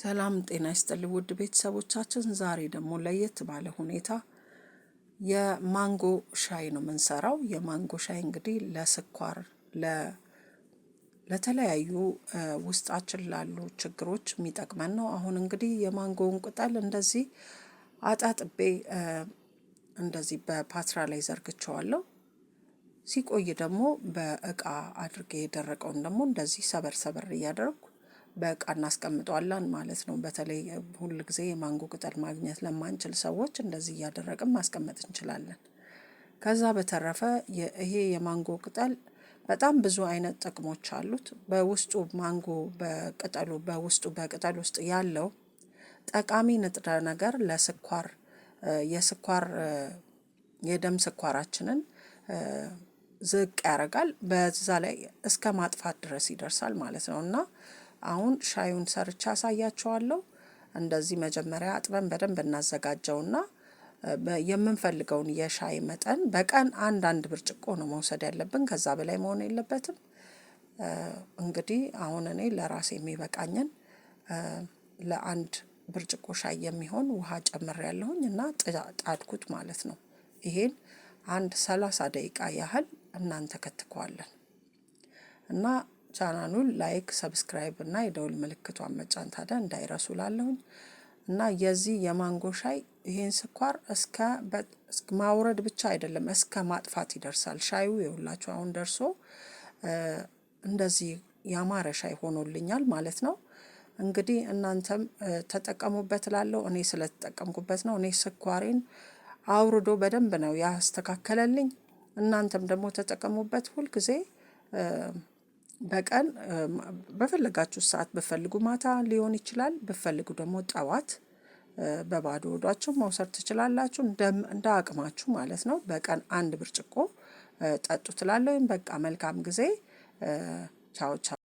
ሰላም ጤና ይስጥልኝ ውድ ቤተሰቦቻችን፣ ዛሬ ደግሞ ለየት ባለ ሁኔታ የማንጎ ሻይ ነው የምንሰራው። የማንጎ ሻይ እንግዲህ ለስኳር ለተለያዩ ውስጣችን ላሉ ችግሮች የሚጠቅመን ነው። አሁን እንግዲህ የማንጎውን ቅጠል እንደዚህ አጣጥቤ እንደዚህ በፓትራ ላይ ዘርግቸዋለሁ። ሲቆይ ደግሞ በእቃ አድርጌ የደረቀውን ደግሞ እንደዚህ ሰበር ሰበር እያደረጉ በእቃ እናስቀምጠዋለን ማለት ነው። በተለይ ሁል ጊዜ የማንጎ ቅጠል ማግኘት ለማንችል ሰዎች እንደዚህ እያደረግን ማስቀመጥ እንችላለን። ከዛ በተረፈ ይሄ የማንጎ ቅጠል በጣም ብዙ አይነት ጥቅሞች አሉት። በውስጡ ማንጎ በቅጠሉ በውስጡ በቅጠል ውስጥ ያለው ጠቃሚ ንጥረ ነገር ለስኳር የስኳር የደም ስኳራችንን ዝቅ ያደርጋል በዛ ላይ እስከ ማጥፋት ድረስ ይደርሳል ማለት ነው። እና አሁን ሻዩን ሰርቻ አሳያቸዋለሁ እንደዚህ መጀመሪያ አጥበን በደንብ እናዘጋጀውና የምንፈልገውን የሻይ መጠን በቀን አንድ አንድ ብርጭቆ ነው መውሰድ ያለብን። ከዛ በላይ መሆን የለበትም። እንግዲህ አሁን እኔ ለራሴ የሚበቃኝን ለአንድ ብርጭቆ ሻይ የሚሆን ውሃ ጨምር ያለሁኝ እና ጣድኩት ማለት ነው። ይሄን አንድ ሰላሳ ደቂቃ ያህል ከትከዋለን እና ቻናሉን ላይክ፣ ሰብስክራይብ እና የደውል ምልክቷን መጫን ታዲያ እንዳይረሱ ላለሁኝ እና የዚህ የማንጎ ሻይ ይሄን ስኳር እስከ ማውረድ ብቻ አይደለም እስከ ማጥፋት ይደርሳል። ሻዩ የሁላችሁ አሁን ደርሶ እንደዚህ ያማረ ሻይ ሆኖልኛል ማለት ነው። እንግዲህ እናንተም ተጠቀሙበት ላለው እኔ ስለተጠቀምኩበት ነው። እኔ ስኳሬን አውርዶ በደንብ ነው ያስተካከለልኝ። እናንተም ደግሞ ተጠቀሙበት ሁልጊዜ በቀን በፈለጋችሁ ሰዓት ብፈልጉ ማታ ሊሆን ይችላል፣ ብፈልጉ ደግሞ ጠዋት በባዶ ወዷችሁ መውሰድ ትችላላችሁ፣ እንደ አቅማችሁ ማለት ነው። በቀን አንድ ብርጭቆ ጠጡ ትላለሁ። በቃ መልካም ጊዜ። ቻው ቻው።